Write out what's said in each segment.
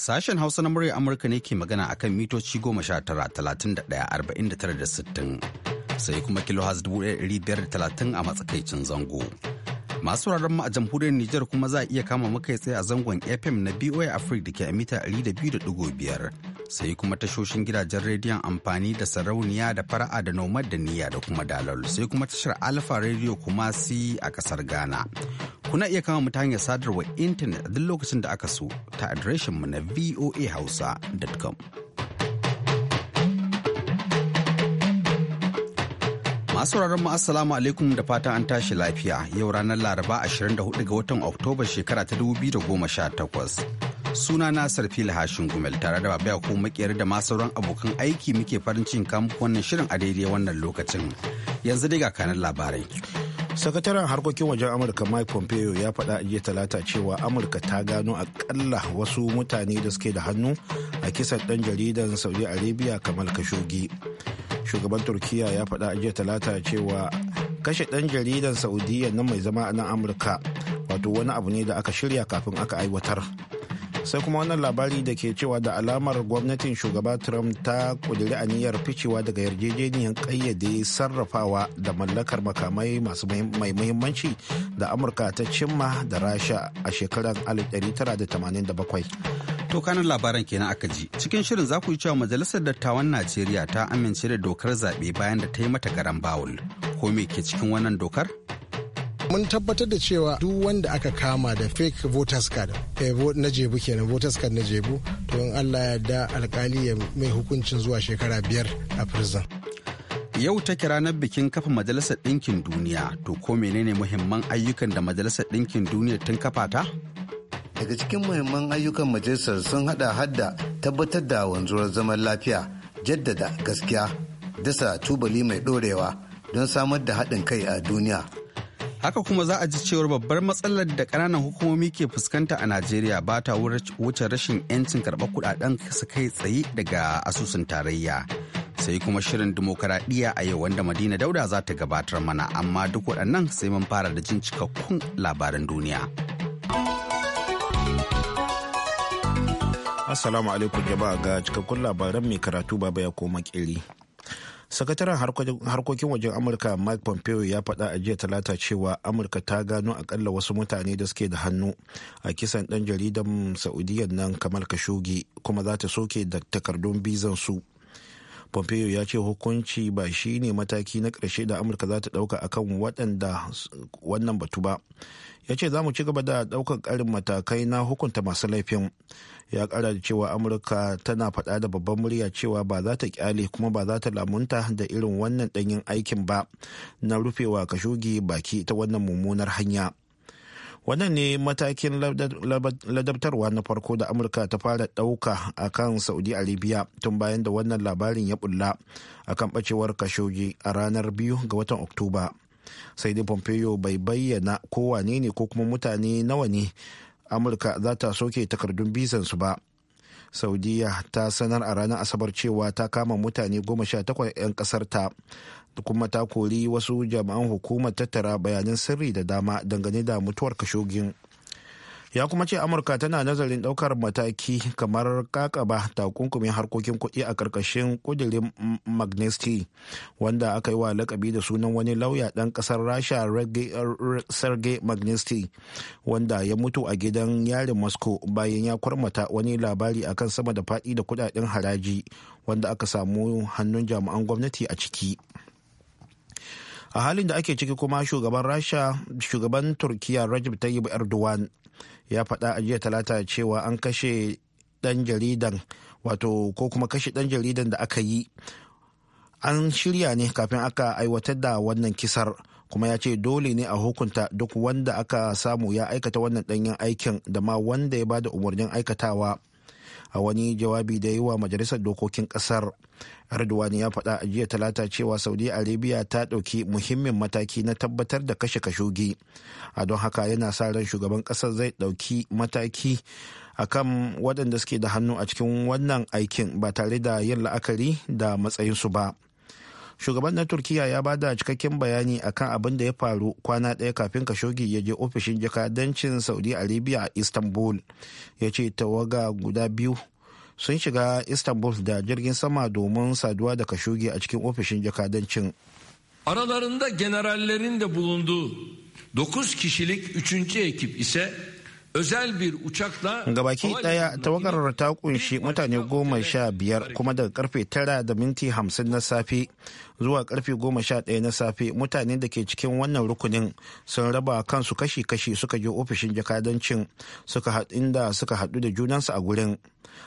Sashen Hausa na murya Amurka ne ke magana a kan mitoci goma sha tara talatin da ɗaya arba'in da tara da sittin sai kuma kilo dubu ɗaya ɗari biyar da talatin a matsakaicin zango. Masu wuraren mu a jamhuriyar Nijar kuma za a iya kama muka tsaye a zangon FM na BOA Africa da ke a mita 200.5 sai kuma tashoshin gidajen rediyon amfani da sarauniya da fara'a da nomad da niyya da kuma dalal sai kuma tashar Alfa rediyo kuma si a kasar Ghana. Kuna iya kama mu ta hanyar sadarwar intanet a duk lokacin da aka so ta adireshin mu na voahausa.com. Masu sauraron mu assalamu alaikum da fatan an tashi lafiya yau ranar Laraba 24 ga watan Oktoba shekara ta 2018. Suna na Sarfil Hashin Gumel tare da Babaya ko makiyar da masu sauran abokan aiki muke farin cikin kamu wannan shirin a daidai wannan lokacin. Yanzu dai ga kanan labarai. sakataren harkokin wajen amurka mike pompeo ya faɗa jiya talata cewa amurka ta gano akalla wasu mutane da suke da hannu a kisan ɗan jaridan saudi arabia kamal kashogi shugaban turkiya ya faɗa a jiya talata cewa kashe ɗan jaridan saudiyya na mai zama a nan amurka wato wani abu ne da aka shirya kafin aka aiwatar sai kuma wannan labari da ke cewa da alamar gwamnatin shugaba trump ta kudiri aniyar ficewa daga yarjejeniyar kayyade sarrafawa da mallakar makamai masu mai muhimmanci da amurka ta cimma da rasha a shekarar 1987 To kanan labaran kenan aka ji. Cikin shirin za ku yi cewa Majalisar Dattawan Najeriya ta amince da dokar zaɓe bayan da ta yi mata garan bawul. Ko me ke cikin wannan dokar? mun tabbatar da cewa duk wanda aka kama da fake voters card eh, na jebu kenan voters card na jebu to in allah yarda alkali ya mai hukuncin zuwa shekara biyar a prison yau ta take ranar bikin kafa majalisar ɗinkin duniya to ko menene muhimman ayyukan da majalisar ɗinkin duniya tun kafa ta daga cikin muhimman ayyukan majalisar sun hada hadda tabbatar da wanzuwar zaman lafiya jaddada gaskiya dasa tubali mai dorewa don samar da haɗin kai a duniya haka kuma za a ji cewar babbar matsalar da ƙananan hukumomi ke fuskanta a najeriya ba ta wuce rashin 'yancin karɓar kuɗaɗen su kai tsaye daga asusun tarayya sai kuma shirin dimokuraɗiyya a yau wanda madina dauda za ta gabatar mana amma duk waɗannan sai mun fara da jin cikakkun labaran duniya. Assalamu alaikum jama'a ga cikakkun labaran mai karatu baba ya koma kiri. Sakataren harkokin wajen Amurka Mike Pompeo ya faɗa a jiya talata cewa Amurka ta gano akalla wasu mutane da suke da hannu a kisan ɗan jaridan sa'udiyya nan Kamal Khashoggi kuma za ta soke da takardun bizan su. pompeo ya ce hukunci ba shi ne mataki na ƙarshe da amurka za ta ɗauka akan waɗanda wannan batu ba ya ce za mu ci gaba da ɗaukar ƙarin matakai na hukunta masu laifin ya kara da cewa amurka tana faɗa da babban murya cewa ba za ta ƙyale kuma ba za ta lamunta da irin wannan ɗanyen aikin ba na rufewa kashugi baki ta wannan mummunar hanya wannan ne matakin ladabtarwa na farko da amurka ta fara ɗauka a kan saudi arabia tun bayan da wannan labarin ya bulla a kan ɓacewar kashoji a ranar biyu ga watan oktoba sai dai pompeo bai bayyana ko wane ne ko kuma mutane nawa ne amurka za ta soke takardun su ba saudiya ta sanar a ranar asabar cewa ta kama mutane goma sha takwas 'yan kasarta kuma ta kori wasu jami'an hukumar tattara bayanan sirri da dama dangane da mutuwar kashogin ya kuma ce amurka tana nazarin daukar mataki kamar kakaba takunkumin harkokin kuɗi a ƙarƙashin ƙudirin magnesti wanda aka yi wa lakabi da sunan wani lauya ɗan ƙasar rasha sergei magnesti wanda ya mutu a gidan yarin moscow bayan ya kwarmata wani labari akan sama da faɗi da kuɗaɗen haraji wanda aka samu hannun jami'an gwamnati a ciki. a halin da ake ciki kuma shugaban rasha shugaban turkiya rajab tayyip erdogan ya faɗa a jiya talata cewa an kashe dan jaridan wato ko kuma kashe ɗan jaridan da aka yi an shirya ne kafin aka aiwatar da wannan kisar kuma ya ce dole ne a hukunta duk wanda aka samu ya aikata wannan ɗanyen aikin da ma wanda ya bada umarnin aikatawa a wani jawabi da yi wa majalisar dokokin kasar. Ardwani ya faɗa a jiya talata cewa Saudi Arabia ta ɗauki muhimmin mataki na tabbatar da kashe kashogi. A don haka yana sa ran shugaban ƙasar zai ɗauki mataki a akan waɗanda suke da hannu a cikin wannan aikin ba tare da yin la'akari da matsayinsu ba. Shugaban na turkiyya ya bada cikakken bayani a kan abin da ya faru kwana ɗaya kafin kashogi ya je ofishin jakadancin Saudi Arabia a Istanbul. Ya ce tawaga guda biyu sun shiga istanbul da jirgin sama domin saduwa da kashugi a cikin ofishin jakadancin aralarında generallerin de bulunduğu 9 kişilik 3. ekip ise özel bir uçakla gabaki daya tawagarar ta kunshi mutane goma sha biyar kuma daga karfe tara da minti hamsin na safe zuwa karfe goma sha ɗaya na safe mutane da ke cikin wannan rukunin sun raba kansu kashi-kashi suka je ofishin jakadancin inda suka haɗu da junansu a gurin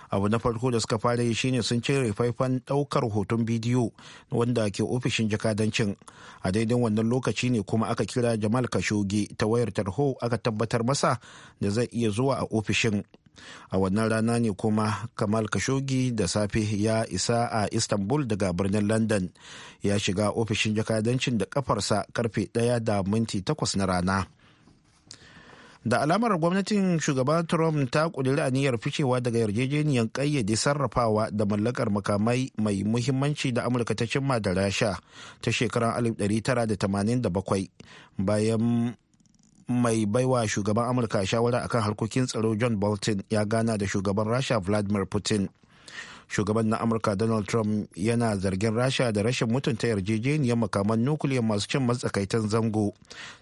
abu na farko da suka fara yi shine sun cire faifan daukar hoton bidiyo wanda ke ofishin jakadancin a daidai wannan lokaci ne kuma aka kira jamal kashoge ta wayar tarho aka tabbatar masa da zai iya zuwa a ofishin a wannan rana ne kuma kamal kashogi da safe ya isa a istanbul daga birnin london ya shiga ofishin jakadancin da kafarsa karfe 1 da minti 8 na rana da alamar gwamnatin shugaban trump ta kudiri aniyar ficewa daga yarjejeniyar kayyade sarrafawa da mallakar makamai mai muhimmanci da amurka ta cimma da rasha ta shekarar 1987 bayan mai baiwa shugaban amurka shawara akan harkokin tsaro john bolton ya gana da shugaban rasha vladimir putin shugaban na amurka donald trump yana zargin rasha da rashin mutunta yarjejeniyar makaman nukiliyar masu cin matsakaitan zango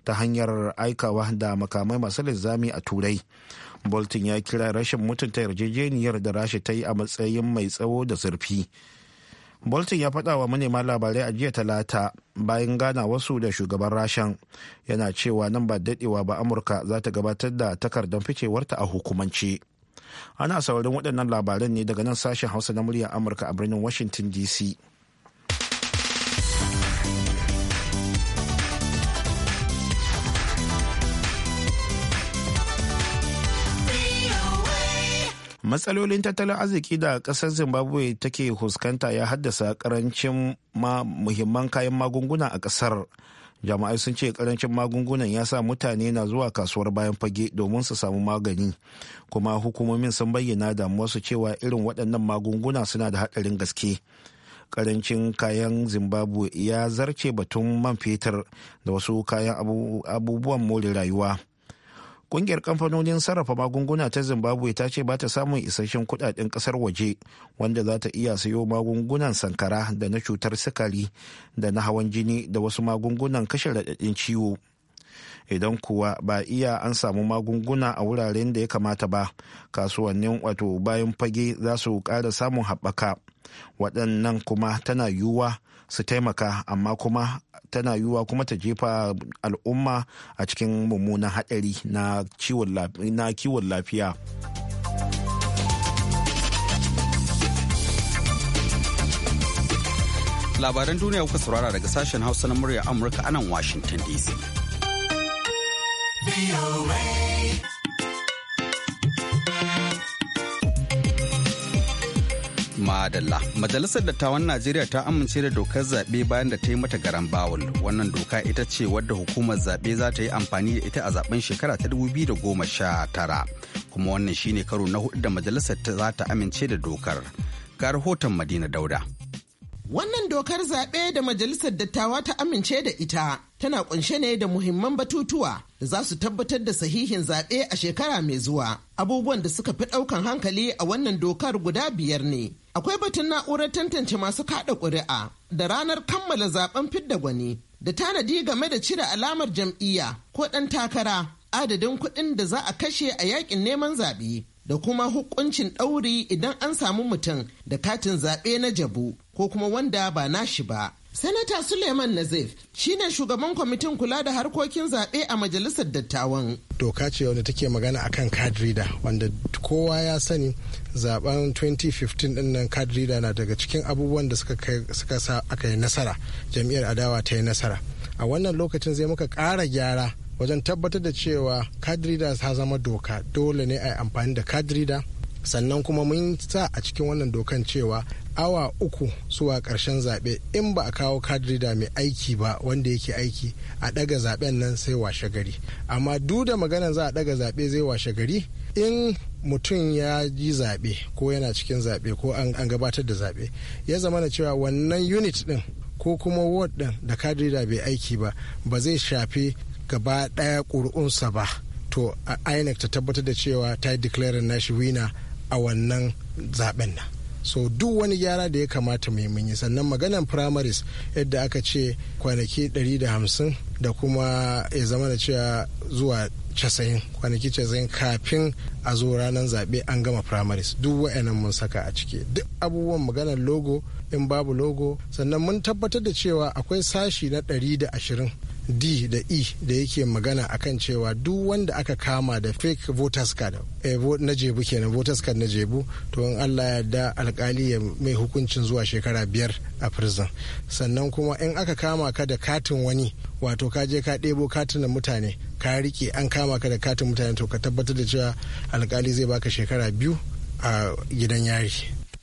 ta hanyar aikawa da makamai masu linzami a turai bolton ya kira rashin mutunta yarjejeniyar da rasha ta yi a matsayin mai tsawo da zurfi bolton ya faɗa wa manema labarai a jiya talata bayan gana wasu da shugaban rashan yana cewa nan ba daɗewa ba amurka za ta gabatar da takardar ficewarta a hukumance. ana saurin waɗannan labaran ne daga nan sashen hausa na muryar amurka a birnin washington dc matsalolin tattalin arziki da ƙasar zimbabwe take huskanta ya haddasa karancin ma muhimman kayan magunguna a ƙasar. jama'ai sun ce karancin magungunan ya sa mutane na zuwa kasuwar bayan fage domin su samu magani kuma hukumomin sun bayyana damuwarsu cewa irin waɗannan magunguna suna da haɗarin gaske karancin kayan zimbabwe ya zarce batun man fetur da wasu kayan abubuwan more rayuwa kungiyar kamfanonin sarrafa magunguna ta zimbabwe ta ce ba ta samun isasshen kudaden kasar waje wanda za ta iya sayo magungunan sankara da na cutar sikari da na hawan jini da wasu magungunan kashe radadin ciwo idan kuwa ba iya an samu magunguna a wuraren da ya kamata ba kasuwannin wato bayan fage za su ƙara samun haɓaka waɗannan kuma tana yiwuwa su taimaka amma kuma tana yiwuwa kuma ta jefa al'umma a cikin mummunan haɗari na kiwon lafiya. labaran duniya kuka saurara daga sashen hausa na murya amurka anan washington dc Madalla. Majalisar Dattawan Najeriya ta amince da dokar zaɓe bayan da ta yi mata garan bawul. Wannan doka ita ce wadda hukumar zaɓe za ta yi amfani da ita a zaben shekara ta 2019. Kuma wannan shine karo na hudu da majalisar ta za ta amince da dokar. Ga rahoton Madina Dauda. Wannan dokar zaɓe da Majalisar Dattawa ta amince da ita tana kunshe ne da muhimman batutuwa da za su tabbatar da sahihin zaɓe a shekara mai zuwa. Abubuwan da suka fi ɗaukan hankali a wannan dokar guda biyar ne. Akwai batun na'urar tantance masu kaɗa ƙuri'a da ranar kammala zaɓen fidda gwani da tanadi game da cire alamar jam'iyya ko ɗan takara adadin kuɗin da za a kashe a yakin neman zaɓe da kuma hukuncin ɗauri idan an samu mutum da katin zaɓe na jabu. ko kuma wanda ba nashi ba. Sanata Suleiman Nazif shine shugaban kwamitin kula da harkokin zaɓe a majalisar dattawan. Doka ce wanda take magana akan card reader wanda kowa ya sani zaben 2015 din nan card na daga cikin abubuwan da suka sa aka yi nasara jam'iyyar adawa ta yi nasara. A wannan lokacin zai muka ƙara gyara wajen tabbatar da cewa card reader ta zama doka dole ne a yi amfani da card reader sannan kuma mun sa a cikin wannan dokan cewa awa uku zuwa karshen zaɓe in ba a kawo kadrida mai aiki ba wanda yake aiki a ɗaga zaɓen nan sai washe gari amma duk da maganan za a ɗaga zaɓe zai washe gari in mutum ya ji zaɓe ko yana cikin zaɓe ko an gabatar da zaɓe ya zama na cewa wannan unit ɗin ko kuma ward ɗin da kadrida bai aiki ba ba zai shafi gaba ɗaya ƙuri'unsa ba to inec ta tabbatar da cewa ta yi declaring nashi wina a wannan zaɓen nan so duk wani gyara da ya kamata mai yi sannan maganan primaries yadda aka ce kwanaki 150 da kuma ya zama da cewa zuwa casa'in kwanaki casa'in kafin a zo ranar zaɓe an gama primaries duk wa'annan mun saka a ciki duk abubuwan maganar logo in babu logo sannan mun tabbatar da cewa akwai sashi na 120 d da e da yake magana akan cewa duk wanda aka kama da fake voters card eh, na jebu kenan voters card na jebu to in allah ya da alkali ya mai hukuncin zuwa shekara biyar a prison sannan kuma in aka kama ka da katin wani wato ka je ka ɗebo katin mutane ka rike an kama ka da katin mutane to ka tabbatar da cewa alkali zai baka shekara biyu a gidan yari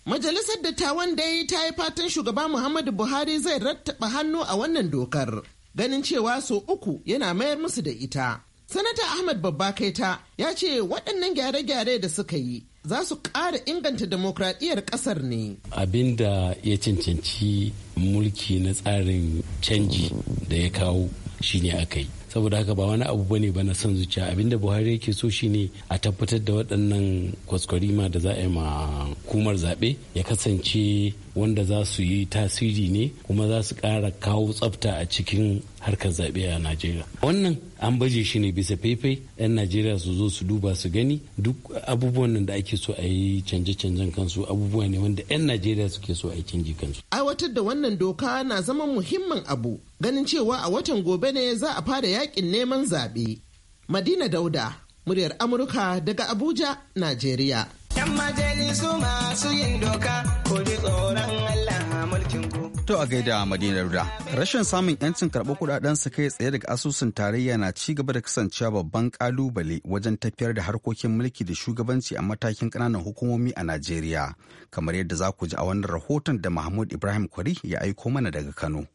Majalisar Dattawan dai ta yi fatan shugaba Muhammadu Buhari zai rattaba hannu a wannan dokar. ganin cewa so uku yana mayar musu da ita. Sanata Ahmad Babba Kaita ya ce waɗannan gyare-gyare da suka yi za su ƙara inganta demokradiyyar ƙasar ne. Abin da ya cancanci mulki na tsarin canji da ya kawo shine aka yi. saboda haka ba wani abu bane ba na son zuciya abinda buhari yake so shine a tabbatar da waɗannan kwaskwarima da za a yi ma kumar zaɓe ya kasance wanda za su yi tasiri ne kuma za su ƙara kawo tsafta a cikin harkar zaɓe a najeriya wannan an baje shi ne bisa faifai 'yan najeriya su zo su duba su gani duk abubuwan nan da ake so a yi canje-canjen kansu abubuwa ne wanda 'yan najeriya suke so a yi canji kansu aiwatar da wannan doka na zama muhimmin abu ganin cewa a watan gobe ne za a fara yakin neman zaɓe madina dauda muryar amurka daga abuja najeriya 'yan majalisu masu yin doka ko tsoron allah To a gaida Madinar da rashin samun 'yancin karɓar kudaden su kai tsaye daga asusun tarayya na ci gaba da kasancewa babban kalubale wajen tafiyar da harkokin mulki da shugabanci a matakin ƙananan hukumomi a Najeriya. Kamar yadda za ku ji a wannan rahoton da Mahmud Ibrahim Kwari ya aiko mana daga Kano.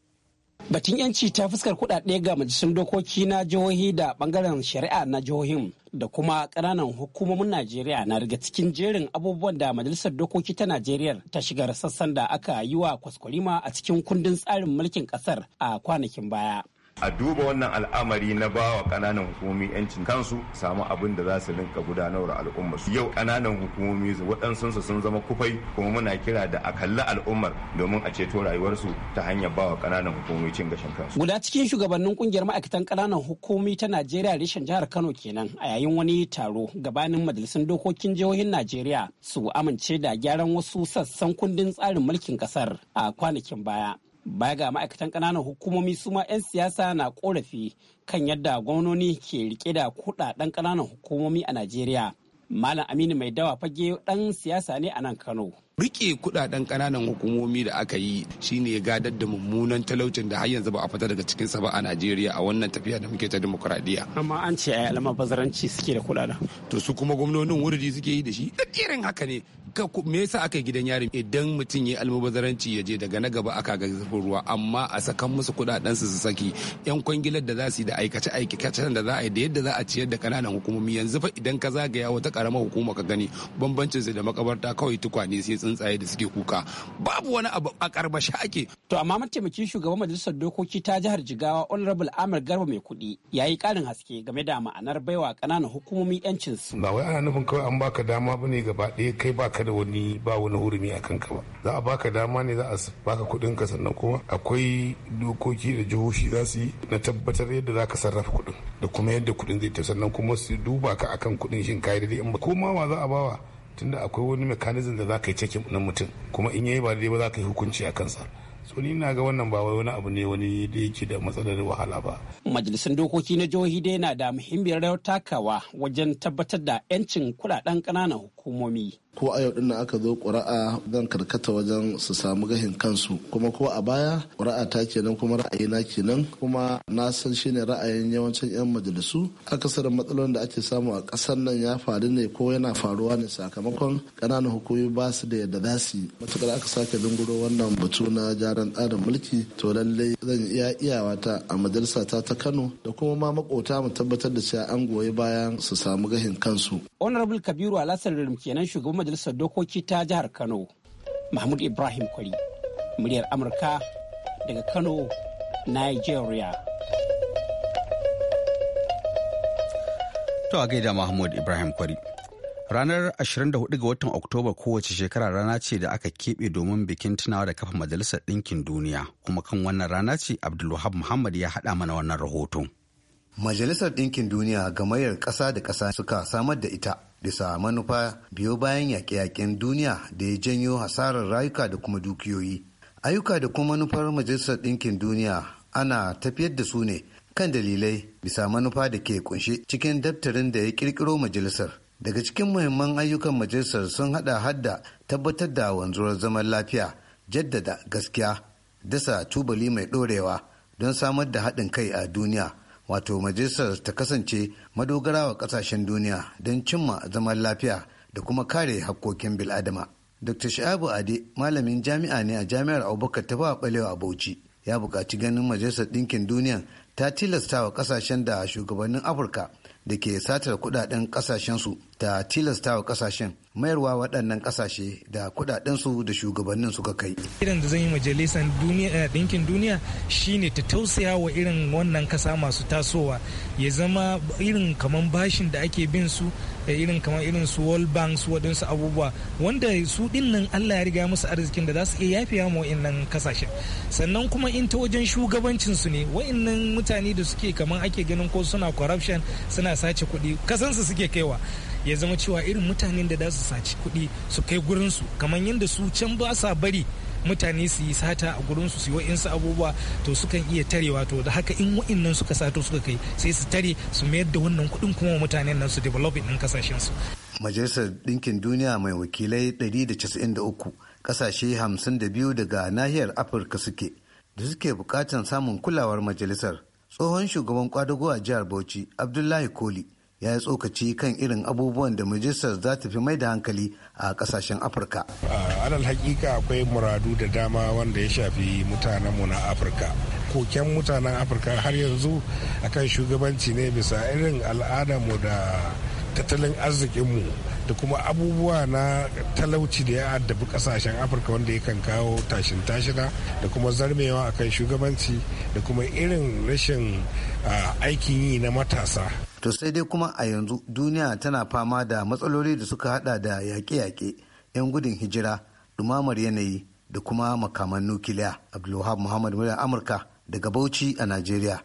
Batun yanci ta fuskar kuɗaɗe ga majalisun dokoki na jihohi da bangaren shari'a na jihohin da kuma ƙananan hukumomin Najeriya na riga cikin jerin abubuwan da majalisar dokoki ta Najeriya ta shigar sassan da aka yi wa kwaskwarima a cikin kundin tsarin mulkin ƙasar a kwanakin baya. a duba wannan al'amari na bawa kananan hukumomi yancin kansu samu abin da za su rinka gudanar da al'ummar su yau kananan hukumomi waɗansu sun zama kufai kuma muna kira da a kalli al'ummar domin a ceto rayuwarsu ta hanyar bawa kananan hukumomi cin gashin kansu guda cikin shugabannin kungiyar ma'aikatan kananan hukumomi ta Najeriya reshen jihar Kano kenan a yayin wani taro gabanin majalisun dokokin jihohin Najeriya su amince da gyaran wasu sassan kundin tsarin mulkin kasar a kwanakin baya baya ga ma'aikatan ƙananan hukumomi su ma 'yan siyasa na ƙorafi kan yadda gwamnoni ke rike da kudaden ƙananan hukumomi a najeriya malam aminu mai dawa fage ɗan siyasa ne a nan kano rike kudaden kananan hukumomi da aka yi shine ya gadar da mummunan talaucin da har yanzu ba a fita daga cikin sa ba a Najeriya a wannan tafiya da muke ta demokradiya amma an ce ai alama bazaranci suke da kudaden to su kuma gwamnonin wurdi suke yi da shi da irin haka ne me yasa aka gidan yari idan mutum ya almubazaranci ya je daga na gaba aka ga zafin ruwa amma a sakan musu kudaden su su saki yan kwangilar da za su yi da aikace aikace da za a yi da yadda za a ciyar da kananan hukumomi yanzu fa idan ka zagaya wata karamar hukuma ka gani bambancin su da makabarta kawai tukwane sai tsuntsaye da suke kuka babu wani abu a karbashi ake to amma mataimakin shugaban majalisar dokoki ta jihar jigawa honorable amir garba mai kuɗi ya yi ƙarin haske game da ma'anar baiwa ƙananan hukumomi yancin su ba wai ana nufin kawai an baka dama bane gaba ɗaya kai baka da wani ba wani hurumi a kanka ba za a baka dama ne za a baka kuɗin ka sannan kuma akwai dokoki da jihohi za su yi na tabbatar yadda za ka sarrafa kuɗin da kuma yadda kuɗin zai tafi sannan kuma su duba ka akan kuɗin shin kai daidai in ba ko ma za a bawa tunda akwai wani mekanizm da za ka yi cikin na mutum kuma in yayi ba daidai ba za ka yi hukunci a kansa so ni na ga wannan ba wani abu ne wani da yake da matsalar wahala ba majalisar dokoki na jihohi dai na da muhimmiyar rawar takawa wajen tabbatar da 'yancin kudaden ƙananan hukumomi ko a yau din nan aka zo ƙura'a zan karkata wajen su samu gahin kansu kuma ko a baya ƙura'a ta kenan kuma ra'ayina kenan kuma na san shine ra'ayin yawancin 'yan majalisu akasarin matsalolin da ake samu a ƙasar nan ya faru ne ko yana faruwa ne sakamakon ƙananan hukumomi ba su da yadda za su yi matuƙar aka sake dunguro wannan batu na jaran tsarin mulki to lallai zan iya iyawa ta a majalisa ta ta kano da kuma ma makota mu tabbatar da cewa an goyi bayan su samu gahin kansu honorable kabiru alasan kenan shugaban majalisar dokoki ta jihar kano mahmud ibrahim kwari muryar amurka daga kano nigeria to a gaida mahmud ibrahim kwari Ranar 24 ga watan Oktoba kowace shekara rana ce da aka keɓe domin bikin tunawa da kafa Majalisar Ɗinkin Duniya, kuma kan wannan rana ce Abdulwahab Muhammad ya haɗa mana wannan rahoton. Majalisar Ɗinkin Duniya gamayyar ƙasa da ƙasa suka samar da ita bisa manufa biyo bayan yaƙe-yaƙen duniya da ya janyo hasarar rayuka da kuma dukiyoyi ayyuka da kuma manufar majalisar ɗinkin duniya ana tafiyar da su ne kan dalilai bisa manufa da ke kunshe cikin daftarin da ya ƙirƙiro majalisar daga cikin muhimman ayyukan majalisar sun haɗa hadda tabbatar da wanzuwar zaman lafiya jaddada gaskiya dasa tubali mai ɗorewa don samar da haɗin kai a duniya wato majalisar ta kasance madogara wa kasashen duniya don cimma zaman lafiya da kuma kare hakkokin bil'adama. Dr. Sha'abu Ade malamin jami'a ne a jami'ar Abubakar ta ba a Bauchi ya buƙaci ganin majalisar ɗinkin duniya ta tilasta wa kasashen da shugabannin Afirka da ke satar kudaden kasashensu da tilastawa kasashen mayarwa waɗannan kasashe da kuɗaɗensu da shugabannin suka kai. Irin da zan yi majalisar eh, ɗinkin duniya shine ta tausaya wa irin wannan kasa masu tasowa ya zama irin kamar bashin da ake bin su da eh, irin kamar irin su world bank su waɗansu abubuwa wanda su ɗin nan Allah ya riga musu arzikin da za su iya yafiya ma wa'innan kasashen sannan kuma in ta wajen shugabancin su ne wa'innan mutane da suke kamar ake ganin ko suna corruption suna sace kuɗi kasansu suke kaiwa ya zama cewa irin mutanen da za su saci kuɗi su kai gurinsu kamar yadda su can ba sa bari mutane su yi sata a gurinsu su yi wa'insu abubuwa to sukan iya tarewa to da haka in wa'innan suka sato suka kai sai su tare su mayar da wannan kuɗin kuma mutanen nan su develop ɗin kasashensu. majalisar ɗinkin duniya mai wakilai 193 ƙasashe 52 daga nahiyar afirka suke da suke bukatar samun kulawar majalisar tsohon shugaban kwadago a jihar bauchi abdullahi koli ya yi tsokaci kan irin abubuwan da majalisar za ta fi mai da hankali a kasashen afirka alal hakika akwai muradu da dama wanda ya shafi mutanenmu na afirka koken mutanen afirka har yanzu akan shugabanci ne bisa irin al'adarmu da tattalin arzikinmu da kuma abubuwa na talauci da ya addabi kasashen afirka wanda ya kan kawo tashin tashina da kuma zarmewa akan shugabanci da kuma irin rashin aikin yi na matasa to sai dai kuma a yanzu duniya tana fama da matsaloli da suka hada da yaƙe-yaƙe 'yan gudun hijira dumamar yanayi da kuma makaman nukiliya abdulwahab muhammad muryar amurka daga bauchi a nigeria.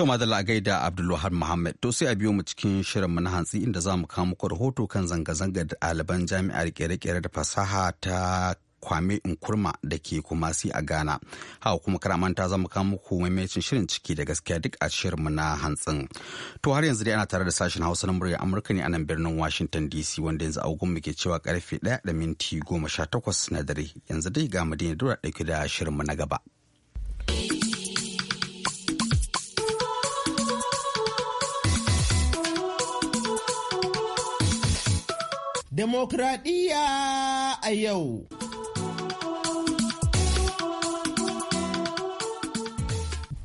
To madalla a gaida Abdulluhar Muhammad to sai a biyo mu cikin shirin mu na hantsi inda za mu kawo muku rahoto kan zanga zanga da ɗaliban jami'ar kere-kere da fasaha ta Kwame Nkurma da ke Kumasi a Ghana. Hawa kuma karamanta za mu kawo muku maimacin shirin ciki da gaskiya duk a shirin mu na hantsin. To har yanzu dai ana tare da sashen Hausa na murya Amurka ne a nan birnin Washington DC wanda yanzu agogon muke cewa karfe 1 da minti goma 18 na dare. Yanzu dai ga na dora ɗauke da shirin mu na gaba. Demokradiyya a yau.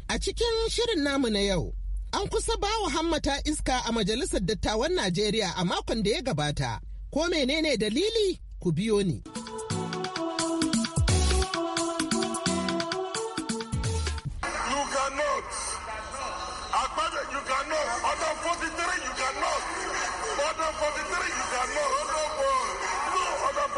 A cikin shirin namu na yau, an kusa ba wa hammata iska a Majalisar Dattawan Najeriya a makon da ya gabata. Ko menene dalili ku biyo ni. Order 43, you cannot. Order 43, you cannot.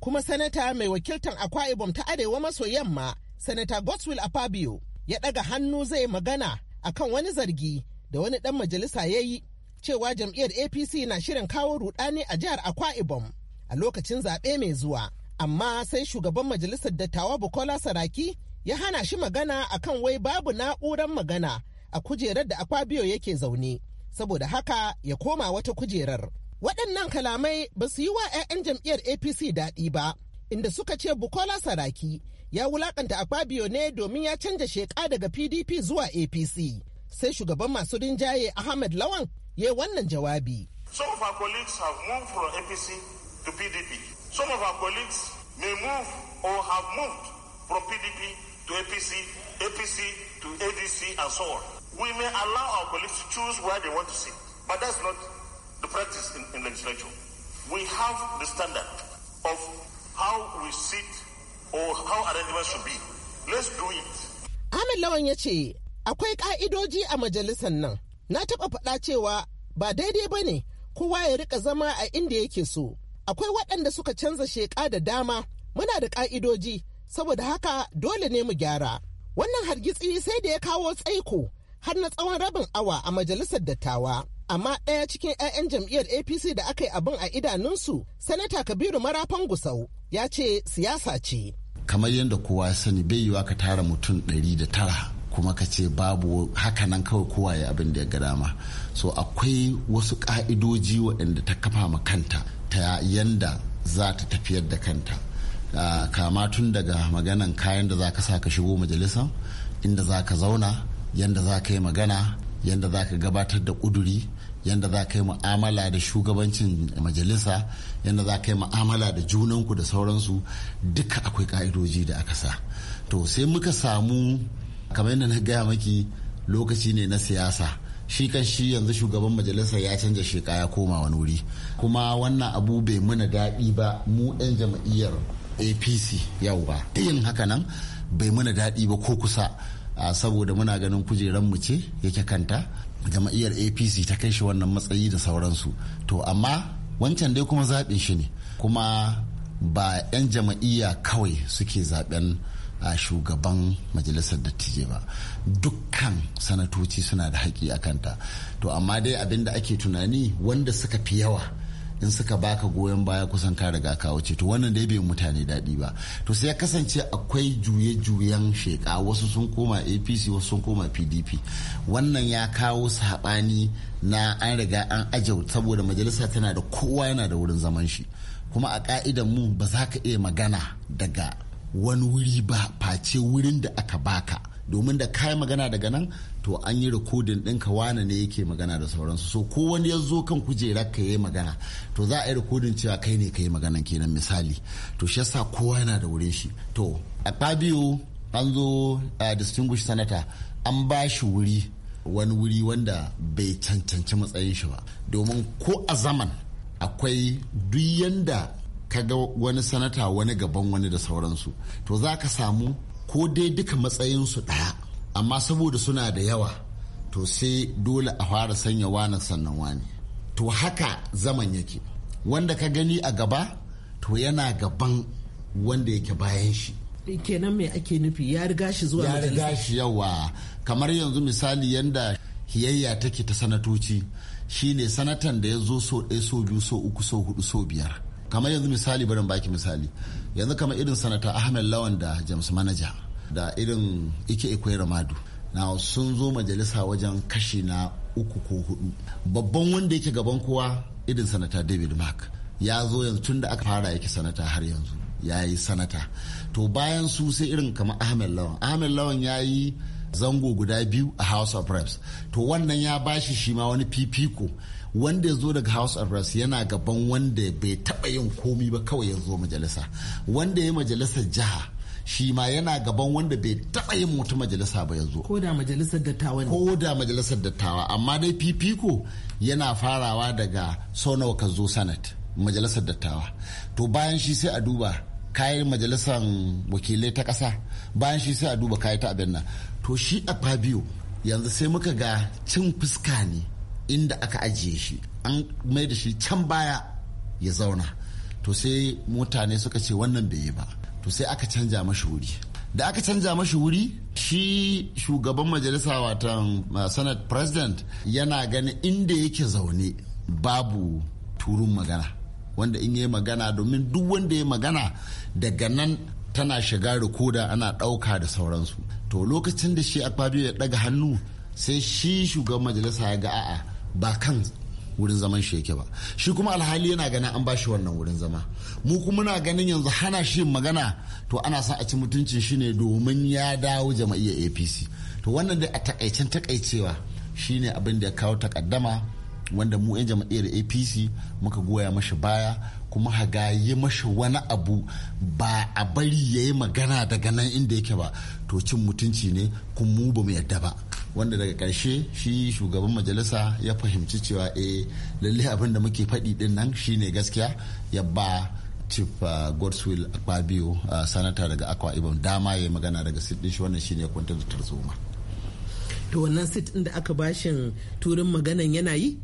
kuma sanata mai wakiltar akwa ibom ta arewa maso yamma sanata godswill afabio ya ɗaga hannu zai magana akan wani zargi da wani ɗan majalisa ya yi cewa jam'iyyar apc na shirin kawo rudani a jihar akwa ibom a lokacin zaɓe mai zuwa amma sai shugaban majalisar dattawa bukola saraki ya hana shi magana akan wai babu na'urar magana a kujerar da akwa-biyo yake zaune saboda haka ya koma wata kujerar Waɗannan kalamai ba su yi wa 'ya'yan jam'iyyar APC daɗi ba, inda suka ce Bukola Saraki ya wulakanta Akpabio ne domin ya canja sheƙa daga PDP zuwa APC. Sai shugaban masu rinjaye Ahmed Lawan ya wannan jawabi. Some of our colleagues have moved from APC to PDP. Some of our colleagues may move or have moved from PDP to APC, APC to ADC and so on. We may allow our colleagues to choose where they want to sit, but that's not the practice in, in legislature. We have the standard of how we sit or how arrangements should be. Let's do it. Ahmed Lawan ya ce, akwai ka'idoji a majalisar nan. Na taɓa faɗa cewa ba daidai ba ne kowa ya rika zama a inda yake so. Akwai waɗanda suka canza sheƙa da dama muna da ka'idoji saboda haka dole ne mu gyara. Wannan hargitsi sai da ya kawo tsaiko har na tsawon rabin awa a majalisar dattawa. amma ɗaya cikin 'ya'yan jam'iyyar apc da aka yi abin a idanunsu sanata kabiru marafan gusau ya ce siyasa ce kamar yadda kowa ya sani bai yiwa ka tara mutum ɗari da tara kuma ka ce babu haka nan kawai kowa ya abin da ya ga dama so akwai wasu ka'idoji waɗanda ta kafa ma kanta ta yanda za ta tafiyar da kanta ah, kama tun daga maganan kayan da za ka sa ka shigo majalisa inda za ka zauna yanda za ka yi magana yanda za ka gabatar da ƙuduri yadda za ka yi mu'amala da shugabancin majalisa yadda za ka yi mu'amala da junanku da sauransu duka akwai ka'idoji da aka sa to sai muka samu kamar yadda na gaya maki lokaci ne na siyasa shi kan shi yanzu shugaban majalisa ya canza sheka ya koma wani wuri kuma wannan abu bai muna daɗi ba mu 'yan jam'iyyar apc yau ba yin haka nan bai muna daɗi ba ko kusa saboda muna ganin kujeran mu ce yake kanta jam'iyyar apc ta kai shi wannan matsayi da sauransu to amma wancan dai kuma zaɓin shi ne kuma ba 'yan jama'iyya kawai suke zaɓen a shugaban majalisar dattijai ba dukkan sanatoci suna da haƙi a kanta to amma dai abinda ake tunani wanda suka fi yawa in suka baka goyon baya kusan ka riga ka wuce to wannan dai bai mutane daɗi ba to sai ya kasance akwai juye-juyen sheka wasu sun koma apc wasu sun koma pdp wannan ya kawo saɓani na an riga an aje saboda majalisa tana da kowa yana da wurin zaman shi kuma a ka'idan mu ba za ka iya magana daga wani wuri ba face wurin da aka baka domin da kayi magana daga nan to an yi rikodin ɗinka wane ne yake magana da sauransu so ko wani ya zo kan kujera ka yi magana to za a yi rikodin cewa kai ne ka yi maganan kenan misali to shi yasa kowa yana da wurin shi to a fabio an zo a distinguished senator an ba shi wuri wani wuri wanda bai cancanci matsayin shi ba domin ko a zaman akwai duk yanda ka ga wani sanata wani gaban wani da sauransu to za ka samu ko dai duka matsayinsu ɗaya amma saboda suna da yawa to sai dole a fara sanya wani sannan wani to haka zaman yake wanda ka gani a gaba to yana gaban wanda yake bayan shi eh, kenan mai ake nufi ya riga shi zuwa ya riga shi yawa kamar yanzu misali yanda hiyayya take ta sanatoci shine sanatan da ya zo so ɗaya so biyu so uku so hudu so biyar kamar yanzu misali barin baki misali yanzu kamar irin sanata ahmed lawan da james manaja da irin ike ikwai ramadu na sun zo majalisa wajen kashi na uku ko hudu babban wanda yake gaban kowa irin sanata david mark ya zo yanzu tun da aka fara yake sanata har yanzu ya yi sanata to bayan su sai irin kamar ahmed lawan ahmed lawan ya yi zango guda biyu a house of reps to wannan ya bashi shi ma wani fifiko wanda ya zo daga house of reps yana gaban wanda bai taba yin komi ba kawai ya zo majalisa wanda ya majalisa jiha shi ma yana gaban wanda bai taɓa yin wata majalisa ba yanzu ko da majalisar dattawa ne ko da majalisar dattawa amma dai fifiko yana farawa daga sonawa ka zo sanat majalisar dattawa to bayan shi sai a duba kayan majalisar wakilai ta ƙasa bayan shi sai a duba kayan ta abin nan to shi a fabio yanzu sai muka ga cin fuska ne inda aka ajiye shi an mai da shi can baya ya zauna to sai mutane suka ce wannan bai yi ba to sai aka canja mashi wuri da aka canja mashi wuri shi shugaban majalisa watan uh, senate president yana ganin inda yake zaune babu turun magana wanda in yi magana domin duk wanda ya magana daga nan tana shiga rikoda ana ɗauka da sauransu to lokacin da shi akpabio ya ɗaga hannu sai shi shugaban majalisa ya ga a'a ba kan wurin zaman shi yake ba shi kuma alhali yana ganin an bashi wannan wurin zama mu kuma na ganin yanzu hana shi magana to ana sa a ci mutuncin shi ne domin ya dawo jama'iyyar apc to wannan dai a takaicen takaicewa shine abin da ya kawo takaddama wanda mu 'yan jama'iyyar apc muka goya mashi baya kuma haga yi mashi wani abu ba a bari ya yi magana daga nan inda yake ba to cin mutunci ne kuma mu ba mu yadda ba wanda daga karshe shi shugaban majalisa ya fahimci cewa lallai eh, lalle abin da muke faɗi din nan shine gaskiya ya ba chief uh, godswill akpabio uh, sanata daga akwa ibom dama ya magana daga sit shi wannan shine ya kwantar da tarzoma to wannan sit ɗin da aka bashin turin maganan yana yi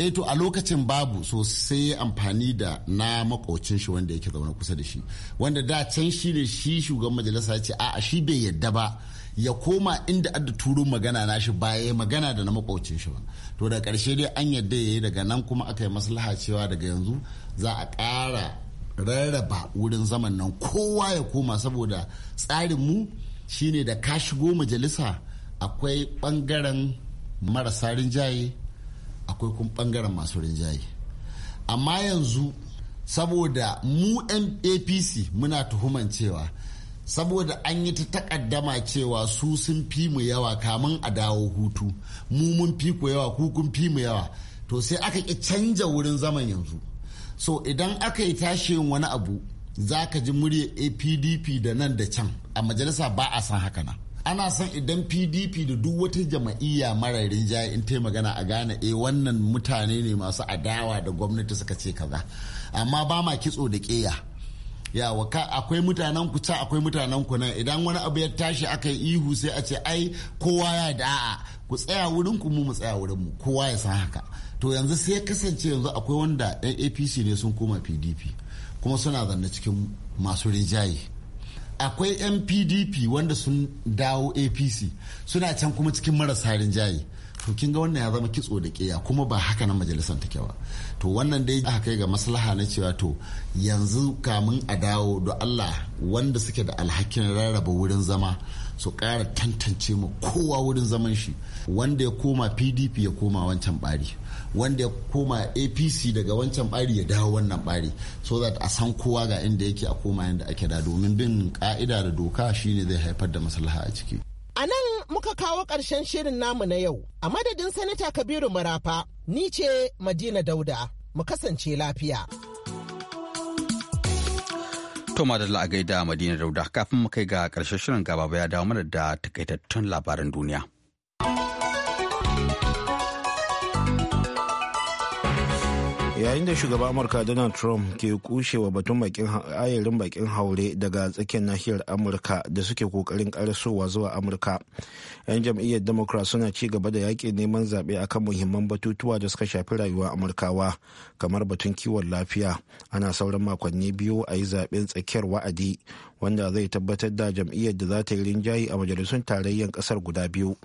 E to a lokacin babu sosai amfani da na makocin shi wanda yake zaune kusa da shi wanda da can shi ne shi shugaban majalisa ya ce a'a shi bai yadda ba ya koma inda adda turo magana nashi shi ya magana da na makwaucin shi ba to da karshe dai an yadda ya yi daga nan kuma aka yi maslaha cewa daga yanzu za a ƙara rarraba wurin zaman nan kowa ya koma saboda tsarin mu shine da ka shigo majalisa akwai ɓangaren marasa rinjaye akwai kuma bangaren masu rinjaye amma yanzu saboda mu apc muna tuhuman cewa saboda an yi ta takaddama cewa su sun fi mu yawa kamun a dawo hutu mu mun fi ku yawa ku kun fi mu yawa to sai aka ki canja wurin zaman yanzu so idan aka yi tashin wani abu za ka ji murya apdp da nan da can a majalisa ba a san haka na ana san idan pdp da duk wata jama'iyya mara rinjaye in ta magana a gane eh wannan mutane ne masu adawa da gwamnati suka ce kaza amma ba ma kitso da keya yawa ka akwai mutanen ku ta akwai mutanen ku nan idan wani abu ya tashi aka yi ihu sai a ce ai kowa ya da'a ku tsaya wurin ku mu tsaya wurin mu kowa ya san haka to yanzu sai ya kasance yanzu akwai wanda yan apc ne sun koma pdp kuma suna zanne cikin masu rinjaye akwai yan pdp wanda sun dawo apc suna can kuma cikin marasa rinjaye to kin ga wannan ya zama kitso da ƙiya kuma ba haka nan majalisar take ba to wannan dai aka kai ga maslaha na cewa to yanzu kamun a dawo da Allah wanda suke da alhakin rarraba wurin zama su ƙara tantance mu kowa wurin zaman shi wanda ya koma pdp ya koma wancan bari wanda ya koma apc daga wancan bari ya dawo wannan bari so that a san kowa ga inda yake a koma yadda ake da domin bin ka'ida da doka shine zai haifar da maslaha a ciki A nan muka kawo ƙarshen shirin namu na yau. A madadin Sanata Kabiru Marafa, ni ce Madina Dauda. Mu kasance lafiya. To madalla a gaida Madina Dauda kafin mu kai ga ƙarshen shirin gaba ya dawo mana da takaitattun labaran duniya. yayin da shugaban amurka donald trump ke kushewa batun ayarin bakin haure daga tsakiyar nahiyar amurka da suke kokarin karasowa zuwa amurka yan jam'iyyar democrat suna ci gaba da yaƙi neman zaɓe kan muhimman batutuwa da suka shafi rayuwa amurkawa kamar batun kiwon lafiya ana sauran makonni biyu a yi zaɓen tsakiyar wa'adi wanda zai tabbatar da jam'iyyar da za ta yi rinjaye a majalisun tarayyar ƙasar guda biyu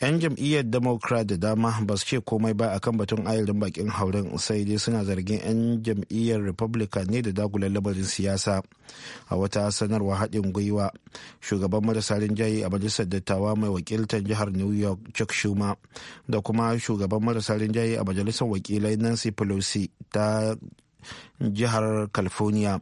'yan jam'iyyar democrat da dama ba su ce komai ba akan batun ayarin bakin hauren sai dai suna zargin 'yan jam'iyyar republican ne da dagulan lamarin siyasa a wata sanarwa haɗin gwiwa shugaban marasa rinjaye a majalisar dattawa mai wakiltar jihar new york chuck schumer da kuma shugaban marasa rinjaye a majalisar wakilai nancy pelosi ta jihar california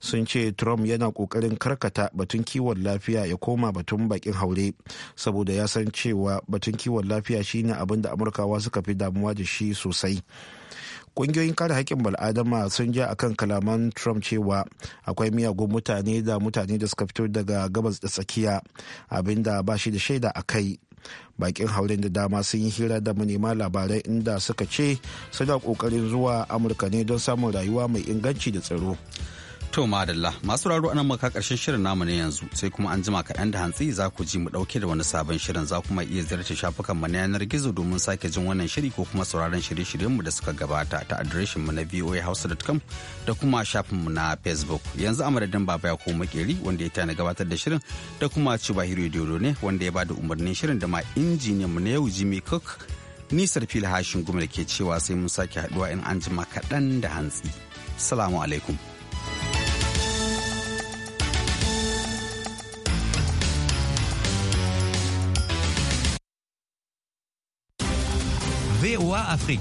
sun ce trump yana kokarin karkata batun kiwon lafiya ya koma batun bakin haure saboda ya san cewa batun kiwon lafiya shine abin da amurkawa suka fi damuwa da shi sosai kungiyoyin kare haƙƙin bal'adama sun ja akan kalaman trump cewa akwai miyagun mutane da mutane da suka fito daga gabas da tsakiya abinda ba shi da shaida a kai bakin hauren da dama sun yi hira da manema labarai inda suka ce suna ƙoƙarin zuwa amurka ne don samun rayuwa mai inganci da tsaro To madalla masu raro anan maka karshen shirin namu ne yanzu sai kuma an jima kaɗan da hantsi za ku ji mu ɗauke da wani sabon shirin za kuma iya ziyarci shafukan mu na yanar gizo domin sake jin wannan shiri ko kuma sauraron shirye-shiryen mu da suka gabata ta adireshin mu na voahouse.com da kuma shafin mu na Facebook. Yanzu a madadin baba ko makeri wanda ya tana gabatar da shirin da kuma Chibahiro Dodo ne wanda ya bada umarnin shirin da ma injiniyan mu na yau Jimmy Cook. Nisar fili hashin gumar ke cewa sai mun sake haɗuwa in an jima kaɗan da hantsi. Salamu alaikum. VOA Afrique.